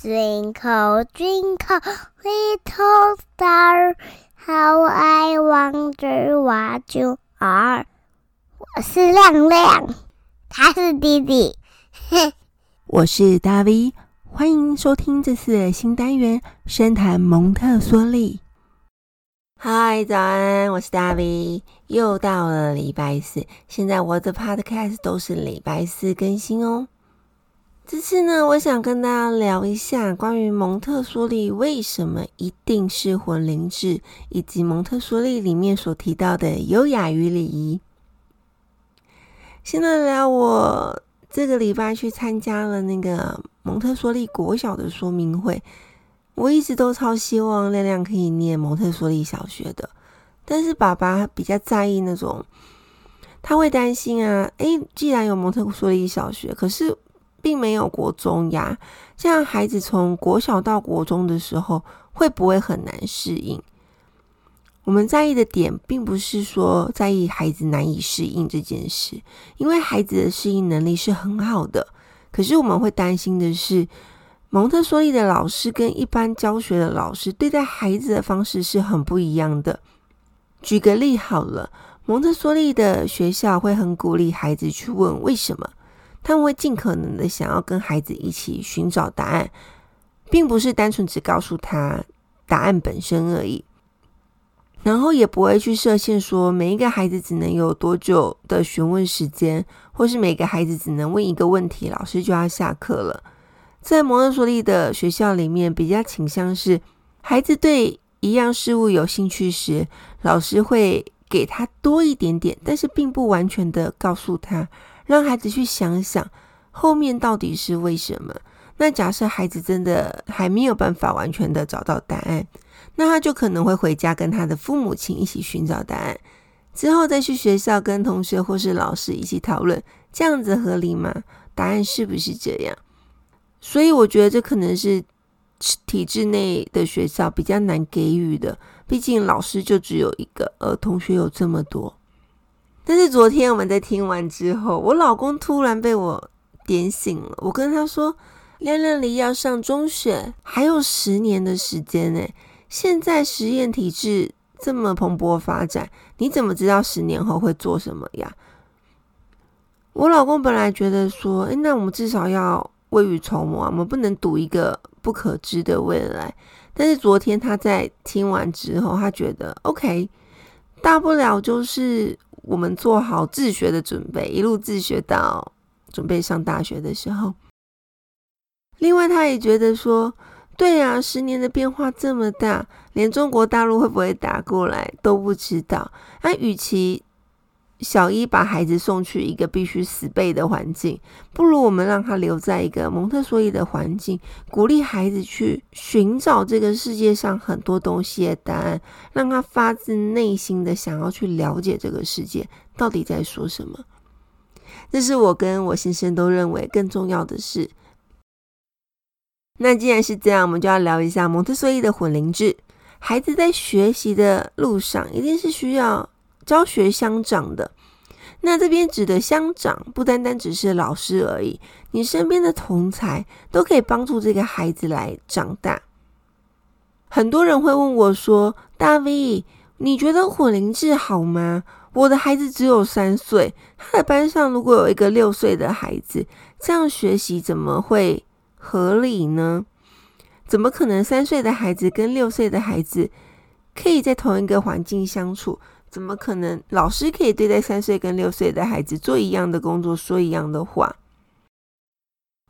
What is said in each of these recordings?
Twinkle, twinkle, little star, how I wonder what you are。我是亮亮，他是弟弟。 我是大 V，歡迎收聽這次的新單元《深談蒙特梭利》。嗨，早安，我是大 V，又到了禮拜四，現在我的 podcast 都是禮拜四更新哦。這次呢，我想跟大家聊一下關於蒙特梭利為什麼一定是混齡制，以及蒙特梭利裡面所提到的優雅與禮儀。現在呢，我這個禮拜去參加了那個蒙特梭利國小的說明會，我一直都超希望亮亮可以念蒙特梭利小學的，但是爸爸比較在意那種，他會擔心啊，誒，既然有蒙特梭利小學，可是。並沒有國中呀，這樣孩子從國小到國中的時候會不會很難適應？我們在意的點並不是說在意孩子難以適應這件事，因為孩子的適應能力是很好的。可是我們會擔心的是，蒙特梭利的老師跟一般教學的老師對待孩子的方式是很不一樣的。舉個例好了，蒙特梭利的學校會很鼓勵孩子去問為什麼。他們會盡可能的想要跟孩子一起尋找答案，並不是單純只告訴他答案本身而已，然後也不會去設限說，每一個孩子只能有多久的詢問時間，或是每個孩子只能問一個問題，老師就要下課了。在蒙特梭利的學校裡面，比較傾向是孩子對一樣事物有興趣時，老師會給他多一點點，但是並不完全的告訴他。讓孩子去想想後面到底是為什麼。那假設孩子真的還沒有辦法完全的找到答案，那他就可能會回家跟他的父母親一起尋找答案，之後再去學校跟同學或是老師一起討論，這樣子合理嗎？答案是不是這樣？所以我覺得這可能是體制內的學校比較難給予的，畢竟老師就只有一個，而同學有這麼多。但是昨天我們在聽完之後，我老公突然被我點醒了。我跟他說：“亮亮離要上中學，還有十年的時間呢、欸。現在實驗體制這麼蓬勃發展，你怎麼知道十年後會做什麼呀？”我老公本來覺得說：“誒、欸，那我們至少要未雨綢繆啊，我們不能賭一個不可知的未來。”但是昨天他在聽完之後，他覺得：“OK，大不了就是。”我們做好自學的準備，一路自學到準備上大學的時候。另外，他也覺得說，對呀，十年的變化這麼大，連中國大陸會不會打過來都不知道。他與其小一把孩子送去一個必須死背的環境，不如我們讓他留在一個蒙特梭利的環境，鼓勵孩子去尋找這個世界上很多東西的答案，讓他發自內心的想要去了解這個世界到底在說什麼。這是我跟我先生都認為更重要的事。那既然是這樣，我們就要聊一下蒙特梭利的混齡制。孩子在學習的路上，一定是需要。教學相長的，那這邊指的相長不單單只是老師而已，你身邊的同儕都可以幫助這個孩子來長大。很多人會問我說：“大 V，你覺得混齡制好嗎？我的孩子只有三歲，他的班上如果有一個六歲的孩子，這樣學習怎麼會合理呢？怎麼可能三歲的孩子跟六歲的孩子可以在同一個環境相處？”怎麼可能？老師可以對待三歲跟六歲的孩子做一樣的工作，說一樣的話？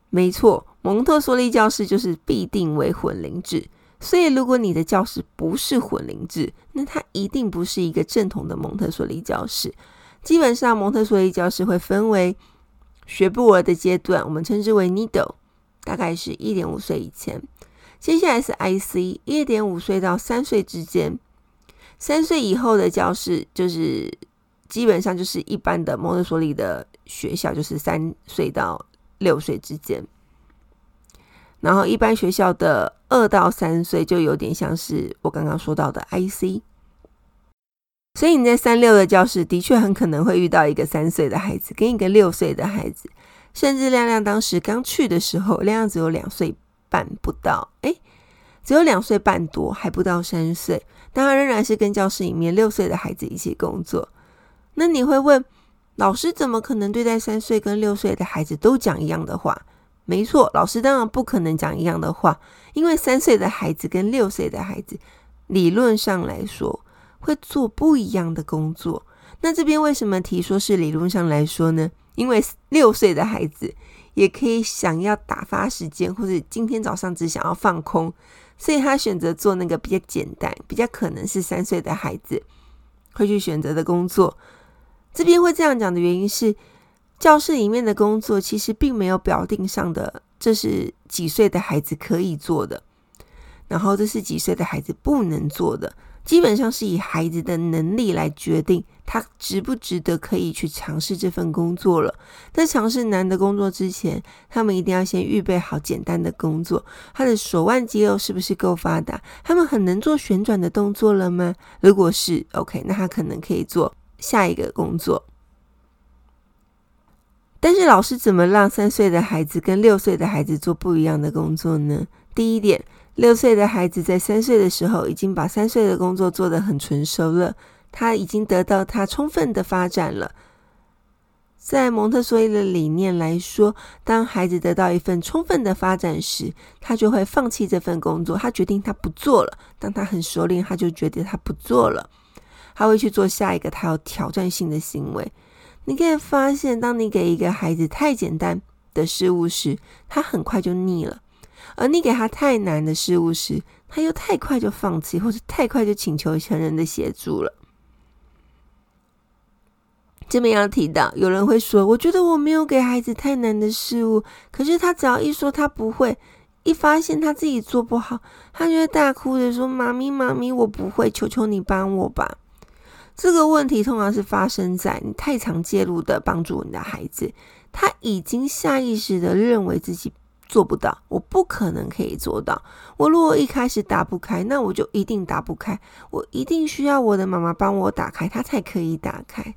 沒錯，蒙特梭利教室就是必定為混齡制。所以，如果你的教室不是混齡制，那它一定不是一個正統的蒙特梭利教室。基本上，蒙特梭利教室會分為學步兒的階段，我們稱之為 Nido，大概是一點五歲以前；接下來是 IC，一點五歲到三歲之間。三歲以後的教室就是基本上就是一般的蒙特梭利的學校，就是三歲到六歲之間。然後一般學校的二到三歲就有點像是我剛剛說到的 IC。所以你在三六的教室，的確很可能會遇到一個三歲的孩子跟一個六歲的孩子，甚至亮亮當時剛去的時候，亮亮只有兩歲半不到，誒、欸，只有兩歲半多，還不到三歲。當然，仍然是跟教室裡面六歲的孩子一起工作。那你會問，老師怎麼可能對待三歲跟六歲的孩子都講一樣的話？沒錯，老師當然不可能講一樣的話，因為三歲的孩子跟六歲的孩子理論上來說會做不一樣的工作。那這邊為什麼提說是理論上來說呢？因為六歲的孩子也可以想要打發時間，或者今天早上只想要放空。所以他選擇做那個比較簡單、比較可能是三歲的孩子會去選擇的工作。這邊會這樣講的原因是，教室裡面的工作其實並沒有表定上的，這是幾歲的孩子可以做的，然後這是幾歲的孩子不能做的。基本上是以孩子的能力來決定他值不值得可以去嘗試這份工作了。在嘗試難的工作之前，他們一定要先預備好簡單的工作。他的手腕肌肉是不是夠發達？他們很能做旋轉的動作了嗎？如果是，OK，那他可能可以做下一個工作。但是，老師怎麼讓三歲的孩子跟六歲的孩子做不一樣的工作呢？第一點。六歲的孩子在三歲的時候已經把三歲的工作做得很純熟了，他已經得到他充分的發展了。在蒙特梭利的理念來說，當孩子得到一份充分的發展時，他就會放棄這份工作，他決定他不做了。當他很熟練，他就決定他不做了，他會去做下一個他有挑戰性的行為。你可以發現，當你給一個孩子太簡單的事物時，他很快就膩了。而你給他太難的事物時，他又太快就放棄，或是太快就請求成人的協助了。這邊要提到，有人會說：“我覺得我沒有給孩子太難的事物，可是他只要一說他不會，一發現他自己做不好，他就會大哭着說：‘媽咪，媽咪，我不會，求求你幫我吧。’”這個問題通常是發生在你太常介入的幫助你的孩子，他已經下意識的認為自己。做不到，我不可能可以做到。我如果一開始打不開，那我就一定打不開。我一定需要我的媽媽幫我打開，他才可以打開。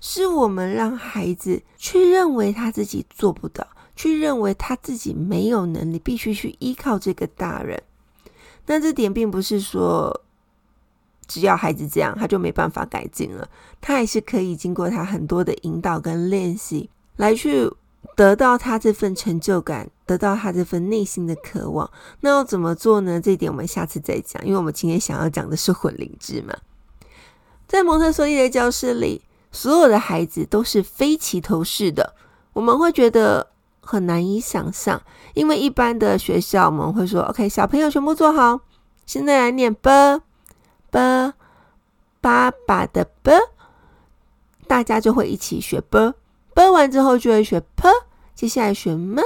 是我們讓孩子去認為他自己做不到，去認為他自己沒有能力，必須去依靠這個大人。那這點並不是說只要孩子這樣，他就沒辦法改進了，他還是可以經過他很多的引導跟練習來去得到他這份成就感，得到他這份內心的渴望，那要怎麼做呢？這一點我們下次再講。因為我們今天想要講的是混齡制嘛。在蒙特梭利的教室裡，所有的孩子都是非齊頭式的。我們會覺得很難以想象，因為一般的學校，我們會說：“OK，小朋友全部坐好，現在來念 b b 爸爸的 b”，大家就會一起學 b。背完之後就會學 p，接下來學 m，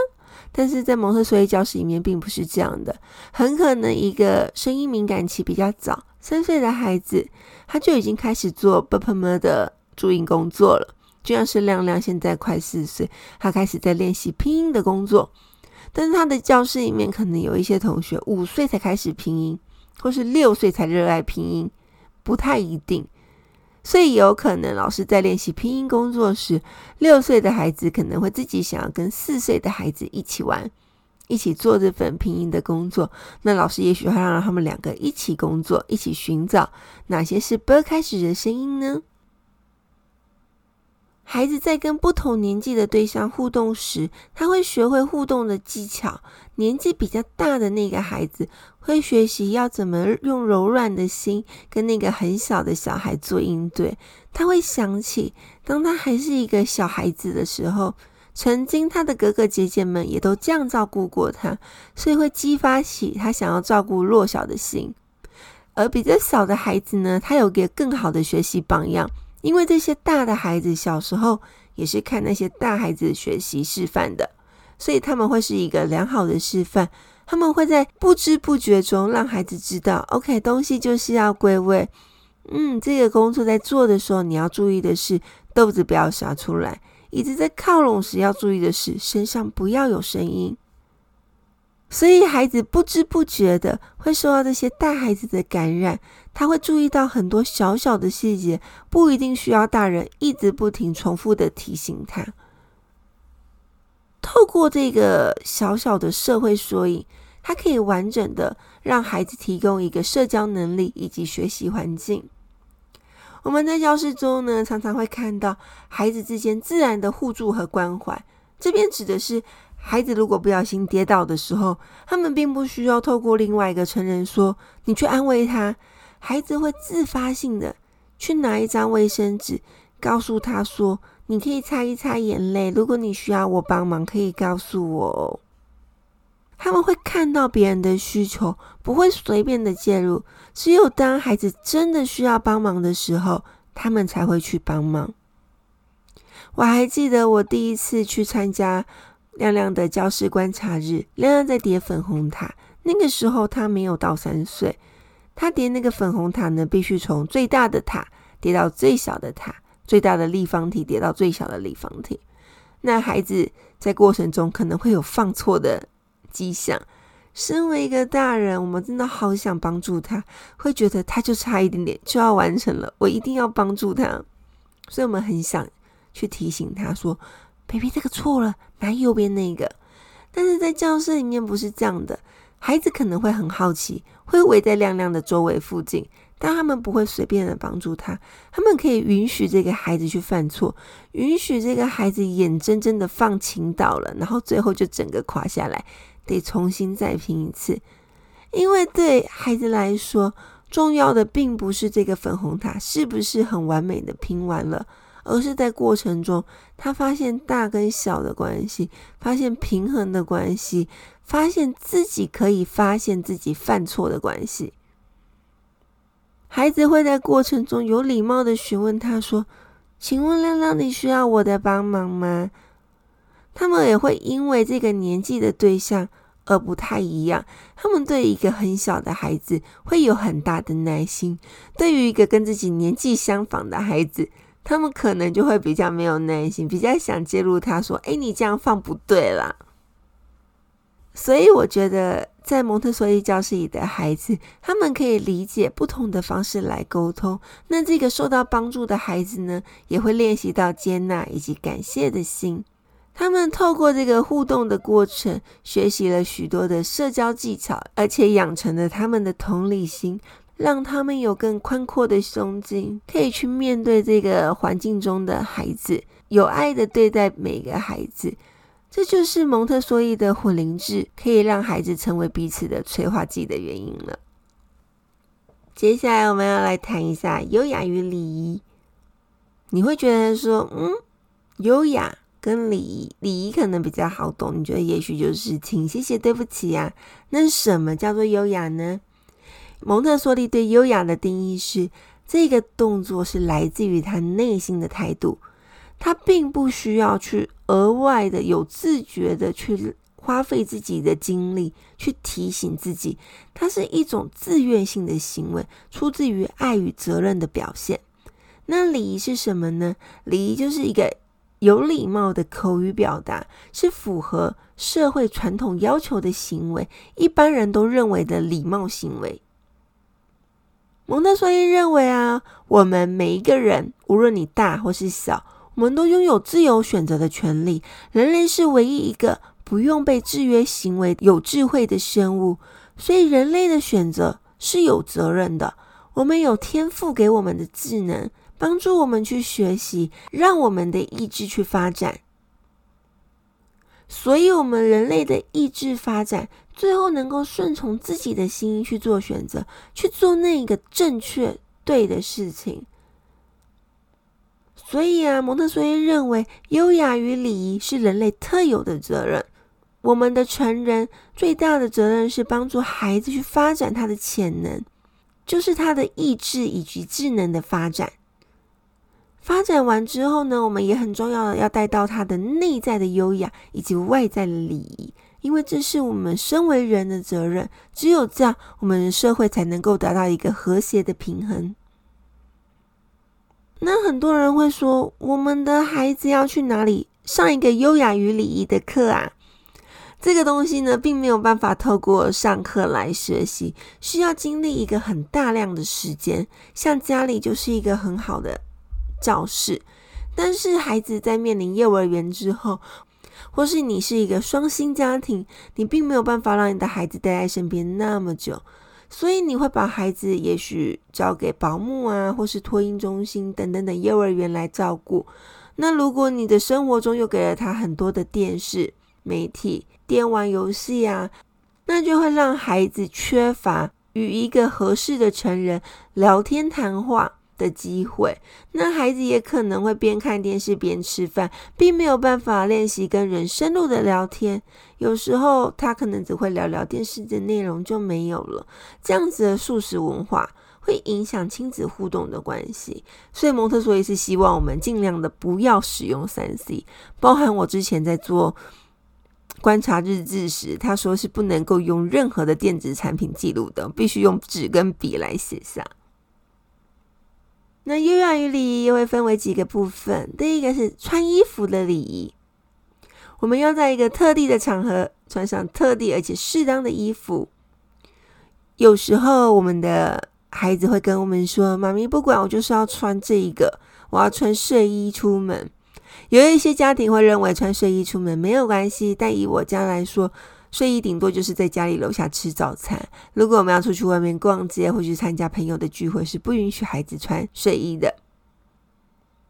但是在蒙特梭利教室裡面並不是這樣的，很可能一個聲音敏感期比較早，三歲的孩子，他就已經開始做 p 和 m 的注音工作了。就像是亮亮現在快四歲，他開始在練習拼音的工作，但是他的教室裡面可能有一些同學五歲才開始拼音，或是六歲才熱愛拼音，不太一定。所以有可能，老師在練習拼音工作時，六歲的孩子可能會自己想要跟四歲的孩子一起玩，一起做這份拼音的工作。那老師也許會讓他們兩個一起工作，一起尋找哪些是 b 開始的聲音呢？孩子在跟不同年紀的對象互動時，他會學會互動的技巧。年紀比較大的那個孩子會學習要怎麼用柔軟的心跟那個很小的小孩做應對。他會想起，當他還是一個小孩子的時候，曾經他的哥哥姐姐們也都這樣照顧過他，所以會激發起他想要照顧弱小的心。而比較小的孩子呢，他有個更好的學習榜樣。因為這些大的孩子小時候也是看那些大孩子學習示範的，所以他們會是一個良好的示範。他們會在不知不覺中讓孩子知道，OK，東西就是要歸位。嗯，這個工作在做的時候，你要注意的是豆子不要撒出來；椅子在靠攏時要注意的是身上不要有聲音。所以，孩子不知不覺的會受到這些大孩子的感染，他會注意到很多小小的細節，不一定需要大人一直不停重複的提醒他。透過這個小小的社會縮影，他可以完整的讓孩子提供一個社交能力以及學習環境。我們在教室中呢，常常會看到孩子之間自然的互助和關懷，這邊指的是。孩子如果不小心跌倒的時候，他們並不需要透過另外一個成人說，你去安慰他，孩子會自發性的去拿一張衛生紙，告訴他說，你可以擦一擦眼淚。如果你需要我幫忙，可以告訴我哦。他們會看到別人的需求，不會隨便的介入。只有當孩子真的需要幫忙的時候，他們才會去幫忙。我還記得我第一次去參加，亮亮的教室觀察日，亮亮在疊粉紅塔。那個時候他沒有到三歲，他疊那個粉紅塔呢，必須從最大的塔疊到最小的塔，最大的立方體疊到最小的立方體。那孩子在過程中可能會有放錯的跡象。身為一個大人，我們真的好想幫助他，會覺得他就差一點點就要完成了，我一定要幫助他。所以，我們很想去提醒他說。別別，這個錯了，拿右邊那個。但是在教室裡面不是這樣的，孩子可能會很好奇，會圍在亮亮的周圍附近，但他們不會隨便的幫助他，他們可以允許這個孩子去犯錯，允許這個孩子眼睜睜的放傾倒了，然後最後就整個垮下來，得重新再拼一次。因為對孩子來說，重要的並不是這個粉紅塔是不是很完美的拼完了。而是在過程中，他發現大跟小的關係，發現平衡的關係，發現自己可以發現自己犯錯的關係。孩子會在過程中有禮貌的詢問他說：“請問亮亮，你需要我的幫忙嗎？”他們也會因為這個年紀的對象而不太一樣，他們對一個很小的孩子會有很大的耐心，對於一個跟自己年紀相仿的孩子。他們可能就會比較沒有耐心，比較想介入。他說：“哎，你這樣放不對啦。”所以我覺得，在蒙特梭利教室裡的孩子，他們可以理解不同的方式來溝通。那這個受到幫助的孩子呢，也會練習到接納以及感謝的心。他們透過這個互動的過程，學習了許多的社交技巧，而且養成了他們的同理心。讓他們有更寬闊的胸襟，可以去面對這個環境中的孩子，有愛的對待每個孩子。這就是蒙特梭利的混齡制可以讓孩子成為彼此的催化劑的原因了。接下來我們要來談一下優雅與禮儀。你會覺得說，嗯，優雅跟禮儀，禮儀可能比較好懂，你覺得也許就是請、謝謝、對不起啊。那什麼叫做優雅呢？蒙特梭利對優雅的定義是，這個動作是來自於他內心的態度，他並不需要去額外的，有自覺的去花費自己的精力去提醒自己，它是一種自願性的行為，出自於愛與責任的表現。那禮儀是什麼呢？禮儀就是一個有禮貌的口語表達，是符合社會傳統要求的行為，一般人都認為的禮貌行為。蒙特梭利認為啊，我們每一個人，無論你大或是小，我們都擁有自由選擇的權利。人類是唯一一個不用被制約行為、有智慧的生物，所以人類的選擇是有責任的。我們有天賦給我們的智能，幫助我們去學習，讓我們的意志去發展。所以，我們人類的意志發展，最後能夠順從自己的心意去做選擇，去做那個正確對的事情。所以啊，蒙特梭利認為，優雅與禮儀是人類特有的責任。我們的成人最大的責任是幫助孩子去發展他的潛能，就是他的意志以及智能的發展。發展完之後呢，我們也很重要的要帶到他的內在的優雅以及外在的禮儀，因為這是我們身為人的責任。只有這樣，我們社會才能夠得到一個和諧的平衡。那很多人會說，我們的孩子要去哪裡上一個優雅與禮儀的課啊？這個東西呢，並沒有辦法透過上課來學習，需要經歷一個很大量的時間。像家裡就是一個很好的教室，但是孩子在面臨幼兒園之後，或是你是一個雙薪家庭，你並沒有辦法讓你的孩子待在身邊那麼久，所以你會把孩子也許交給保姆啊，或是托嬰中心等等的幼兒園來照顧。那如果你的生活中又給了他很多的電視、媒體、電玩遊戲啊，那就會讓孩子缺乏與一個合適的成人聊天談話的機會，那孩子也可能會邊看電視邊吃飯，並沒有辦法練習跟人深入的聊天。有時候他可能只會聊聊電視的內容就沒有了。這樣子的速食文化會影響親子互動的關係，所以蒙特梭利是希望我們盡量的不要使用 3C，包含我之前在做觀察日誌時，他說是不能夠用任何的電子產品記錄的，必須用紙跟筆來寫下。那優雅與禮儀又會分為幾個部分？第一個是穿衣服的禮儀，我們要在一個特定的場合穿上特定而且適當的衣服。有時候我們的孩子會跟我們說：“媽咪不管，我就是要穿這一個，我要穿睡衣出門。”有一些家庭會認為穿睡衣出門沒有關係，但以我家來說，睡衣頂多就是在家裡樓下吃早餐。如果我們要出去外面逛街或去參加朋友的聚會，是不允許孩子穿睡衣的。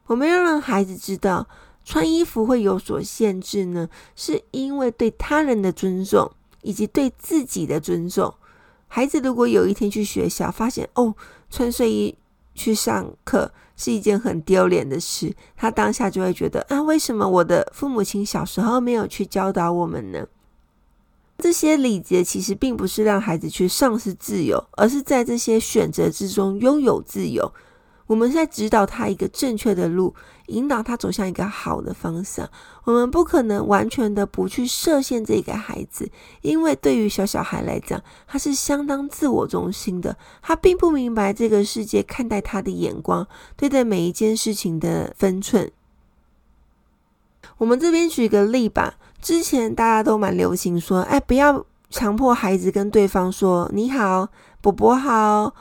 我們要讓孩子知道，穿衣服會有所限制呢？是因為對他人的尊重，以及對自己的尊重。孩子如果有一天去學校，發現，哦，穿睡衣去上課是一件很丟臉的事，他當下就會覺得，啊，為什麼我的父母親小時候沒有去教導我們呢？這些禮節其實並不是讓孩子去喪失自由，而是在這些選擇之中擁有自由。我們在指導他一個正確的路，引導他走向一個好的方向。我們不可能完全的不去設限這個孩子，因為對於小小孩來講，他是相當自我中心的，他並不明白這個世界看待他的眼光，對待每一件事情的分寸。我們這邊舉個例吧。之前大家都蠻流行說，哎、欸，不要強迫孩子跟對方說你好，伯伯好，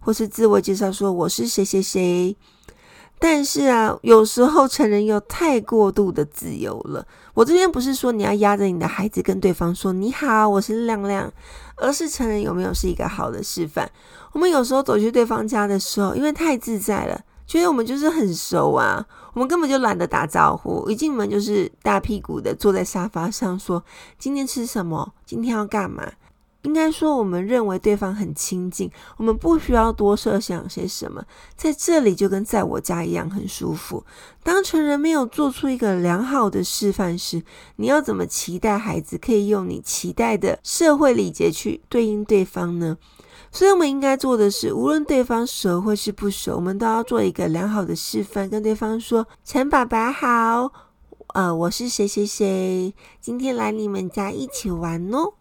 或是自我介紹說我是誰誰誰。但是啊，有時候成人又太過度的自由了。我這邊不是說你要壓着你的孩子跟對方說你好，我是亮亮，而是成人有沒有是一個好的示範？我們有時候走去對方家的時候，因為太自在了。覺得我們就是很熟啊，我們根本就懶得打招呼，一進門就是大屁股的坐在沙發上說，說今天吃什麼，今天要幹嘛。應該說，我們認為對方很親近，我們不需要多設想些什麼，在這裡就跟在我家一樣很舒服。當成人沒有做出一個良好的示範時，你要怎麼期待孩子可以用你期待的社會禮節去對應對方呢？所以，我們應該做的是，無論對方熟或是不熟，我們都要做一個良好的示範，跟對方說：“陳爸爸好，呃，我是誰誰誰，今天來你們家一起玩哦。”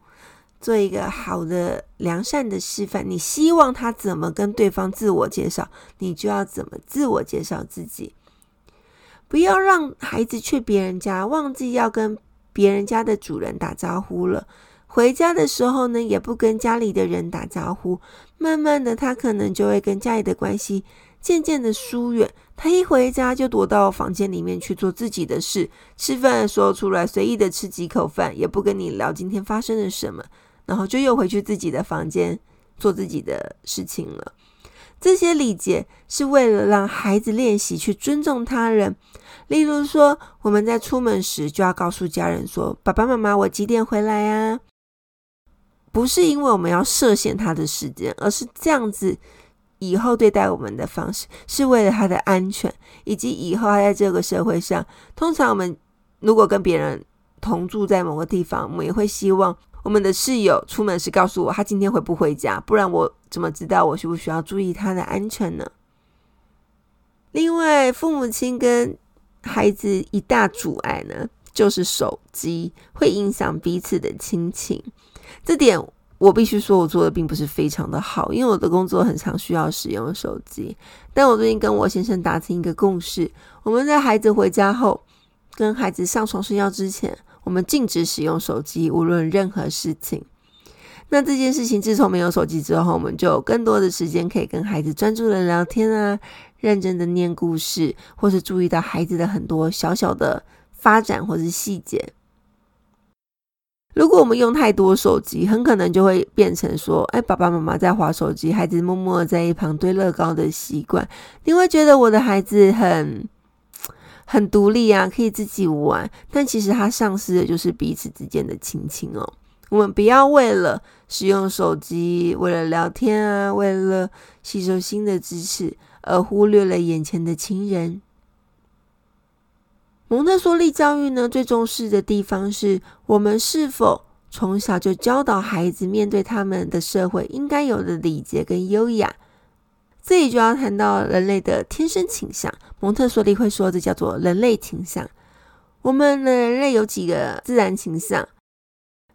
做一個好的良善的示範，你希望他怎麼跟對方自我介紹，你就要怎麼自我介紹自己。不要讓孩子去別人家忘記要跟別人家的主人打招呼了。回家的時候呢，也不跟家裡的人打招呼。慢慢的，他可能就會跟家裡的關係漸漸的疏遠。他一回家就躲到房間裡面去做自己的事，吃飯的時候出來隨意的吃幾口飯，也不跟你聊今天發生了什麼。然後就又回去自己的房間做自己的事情了。這些禮節是為了讓孩子練習去尊重他人。例如說，我們在出門時就要告訴家人說：“爸爸媽媽，我幾點回來呀？”不是因為我們要設限他的時間，而是這樣子以後對待我們的方式，是為了他的安全，以及以後他在這個社會上。通常我們如果跟別人同住在某個地方，我們也會希望。我們的室友出門時告訴我，他今天回不回家，不然我怎麼知道我需不需要注意他的安全呢？另外，父母親跟孩子一大阻礙呢，就是手機會影響彼此的親情。這點我必須說我做的並不是非常的好，因為我的工作很常需要使用手機。但我最近跟我先生達成一個共識：我們在孩子回家後，跟孩子上床睡覺之前。我們禁止使用手機，無論任何事情。那這件事情，自從沒有手機之後，我們就有更多的時間可以跟孩子專注的聊天啊，認真的念故事，或是注意到孩子的很多小小的發展或是細節。如果我們用太多手機，很可能就會變成說，哎，爸爸媽媽在滑手機，孩子默默在一旁堆樂高的習慣。你會覺得我的孩子很。很獨立啊，可以自己玩，但其實他喪失的就是彼此之間的親情哦。我們不要為了使用手機、為了聊天啊、為了吸收新的知識，而忽略了眼前的親人。蒙特梭利教育呢，最重視的地方是我們是否從小就教導孩子面對他們的社會應該有的禮節跟優雅。這裡就要談到人類的天生傾向。蒙特梭利會說，這叫做人類傾向。我們的人類有幾個自然傾向，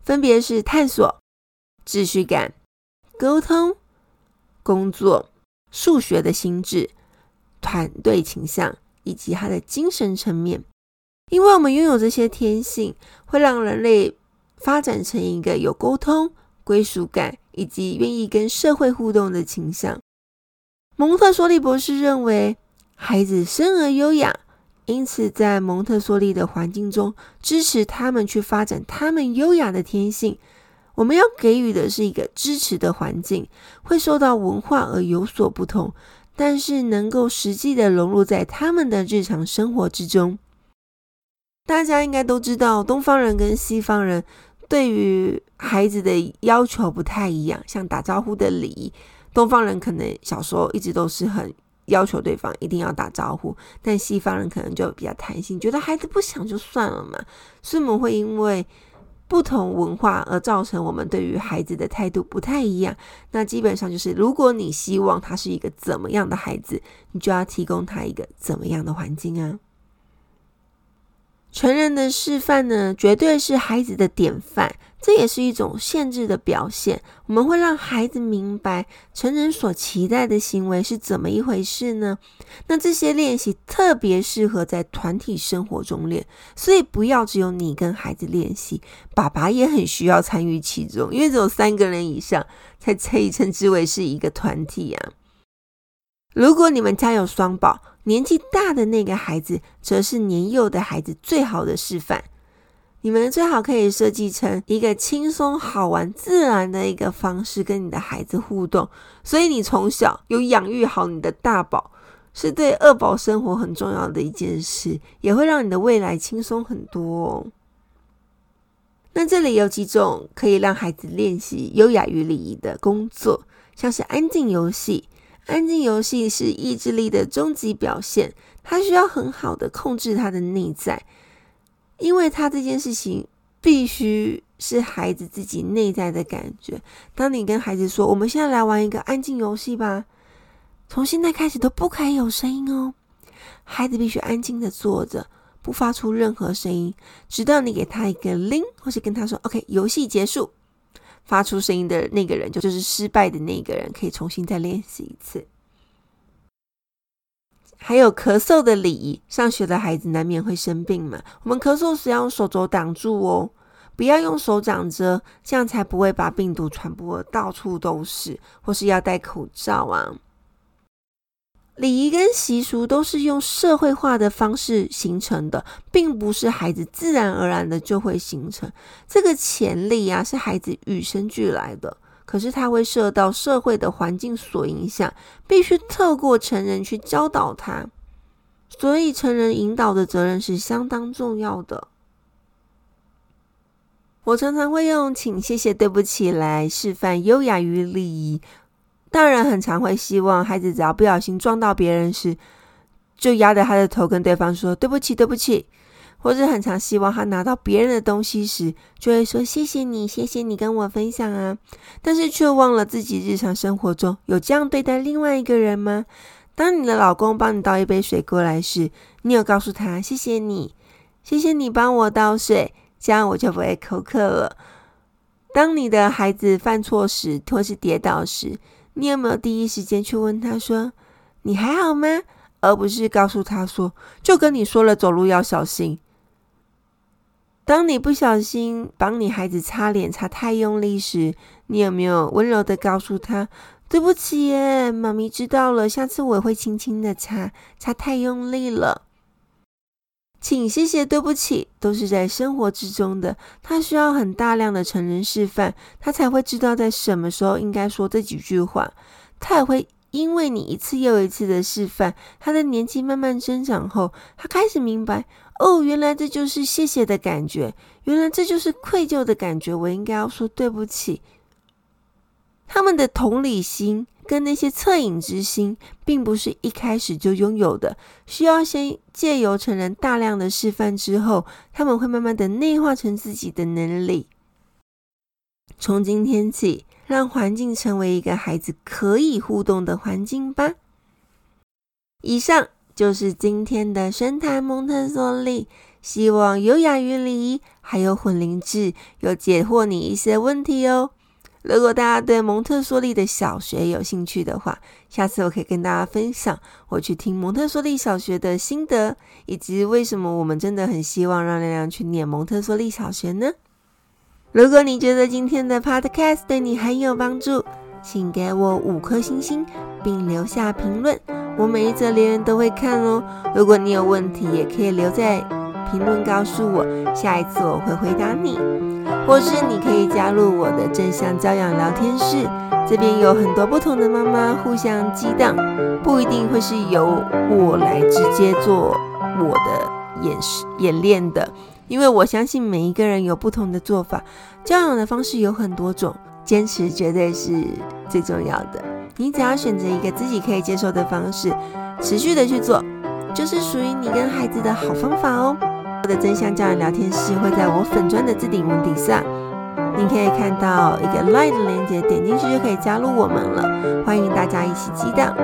分別是探索、秩序感、溝通、工作、數學的心智、團隊傾向以及他的精神層面。因為我們擁有這些天性，會讓人類發展成一個有溝通、歸屬感以及願意跟社會互動的傾向。蒙特梭利博士認為，孩子生而優雅，因此在蒙特梭利的環境中支持他們去發展他們優雅的天性。我們要給予的是一個支持的環境，會受到文化而有所不同，但是能夠實際的融入在他們的日常生活之中。大家應該都知道，東方人跟西方人對於孩子的要求不太一樣，像打招呼的禮。東方人可能小時候一直都是很要求對方一定要打招呼，但西方人可能就比較彈性，覺得孩子不想就算了嘛。所以我們會因為不同文化而造成我們對於孩子的態度不太一樣。那基本上就是，如果你希望他是一個怎麼樣的孩子，你就要提供他一個怎麼樣的環境啊。成人的示範呢，絕對是孩子的典範。這也是一種限制的表現。我們會讓孩子明白成人所期待的行為是怎麼一回事呢。那這些練習特別適合在團體生活中練，所以不要只有你跟孩子練習，爸爸也很需要參與其中，因為只有三個人以上才可以稱之為是一個團體啊。如果你們家有雙寶，年紀大的那個孩子，則是年幼的孩子最好的示範。你們最好可以設計成一個輕鬆、好玩、自然的一個方式跟你的孩子互動。所以，你從小有養育好你的大寶，是對二寶生活很重要的一件事，也會讓你的未來輕鬆很多哦。那這裡有幾種可以讓孩子練習優雅與禮儀的工作，像是安靜遊戲。安靜遊戲是意志力的終極表現，它需要很好的控制他的內在。因為他這件事情必須是孩子自己內在的感覺。當你跟孩子說：“我們現在來玩一個安靜遊戲吧，從現在開始都不可以有聲音哦。”孩子必須安靜的坐着，不發出任何聲音，直到你給他一個鈴，或是跟他說：“OK，遊戲結束。”發出聲音的那個人就就是失敗的那個人，可以重新再練習一次。還有咳嗽的禮儀，上學的孩子難免會生病嘛。我們咳嗽時要用手肘擋住哦，不要用手掌遮，這樣才不會把病毒傳播到處都是。或是要戴口罩啊。禮儀跟習俗都是用社會化的方式形成的，並不是孩子自然而然的就會形成。這個潛力啊，是孩子與生俱來的。可是他會受到社會的環境所影響，必須透過成人去教導他，所以成人引導的責任是相當重要的。我常常會用“請”、“謝謝”、“對不起”來示範優雅與禮儀。當然，很常會希望孩子，只要不小心撞到別人時，就壓着他的頭跟對方說“對不起，對不起”。或是很常希望他拿到別人的東西時，就會說謝謝你，謝謝你跟我分享啊。但是卻忘了自己日常生活中有這樣對待另外一個人嗎？當你的老公幫你倒一杯水過來時，你有告訴他謝謝你，謝謝你幫我倒水，這樣我就不會口渴了。當你的孩子犯錯時或是跌倒時，你有沒有第一時間去問他說你還好嗎？而不是告訴他說，就跟你說了走路要小心。當你不小心幫你孩子擦臉擦太用力時，你有沒有溫柔的告訴他：“對不起耶，媽咪知道了，下次我也會輕輕的擦，擦太用力了，請謝謝對不起。”都是在生活之中的，他需要很大量的成人示範，他才會知道在什麼時候應該說這幾句話，他也會。因為你一次又一次的示範，他的年紀慢慢增長後，他開始明白，哦，原來這就是謝謝的感覺，原來這就是愧疚的感覺，我應該要說對不起。他們的同理心跟那些惻隱之心，並不是一開始就擁有的，需要先借由成人大量的示範之後，他們會慢慢的內化成自己的能力。從今天起，讓環境成為一個孩子可以互動的環境吧。以上就是今天的深談蒙特梭利，希望優雅與禮儀還有混齡制有解惑你一些問題哦。如果大家對蒙特梭利的小學有興趣的話，下次我可以跟大家分享我去聽蒙特梭利小學的心得，以及為什麼我們真的很希望讓亮亮去念蒙特梭利小學呢？如果你覺得今天的 podcast 對你很有幫助，請給我五顆星星，並留下評論。我每一則留言都會看哦。如果你有問題，也可以留在評論告訴我，下一次我會回答你。或是你可以加入我的正向教養聊天室，這邊有很多不同的媽媽互相激盪，不一定會是由我來直接做我的演示演練的。因為我相信每一個人有不同的做法，教養的方式有很多種，堅持絕對是最重要的。你只要選擇一個自己可以接受的方式，持續的去做，就是屬於你跟孩子的好方法哦。我的真相教養聊天室會在我粉專的置頂文底下，你可以看到一個 LINE 的連接，點進去就可以加入我們了。歡迎大家一起激盪，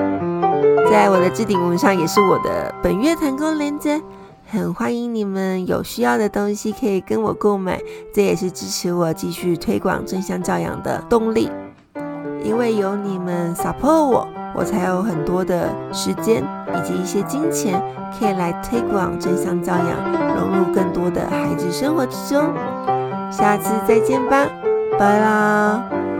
在我的置頂文上也是我的本月團購鏈接。很歡迎你們，有需要的東西可以跟我購買，這也是支持我繼續推廣正向教養的動力。因為有你們 support 我，我才有很多的時間以及一些金錢可以來推廣正向教養，融入更多的孩子生活之中。下次再見吧，拜拜啦！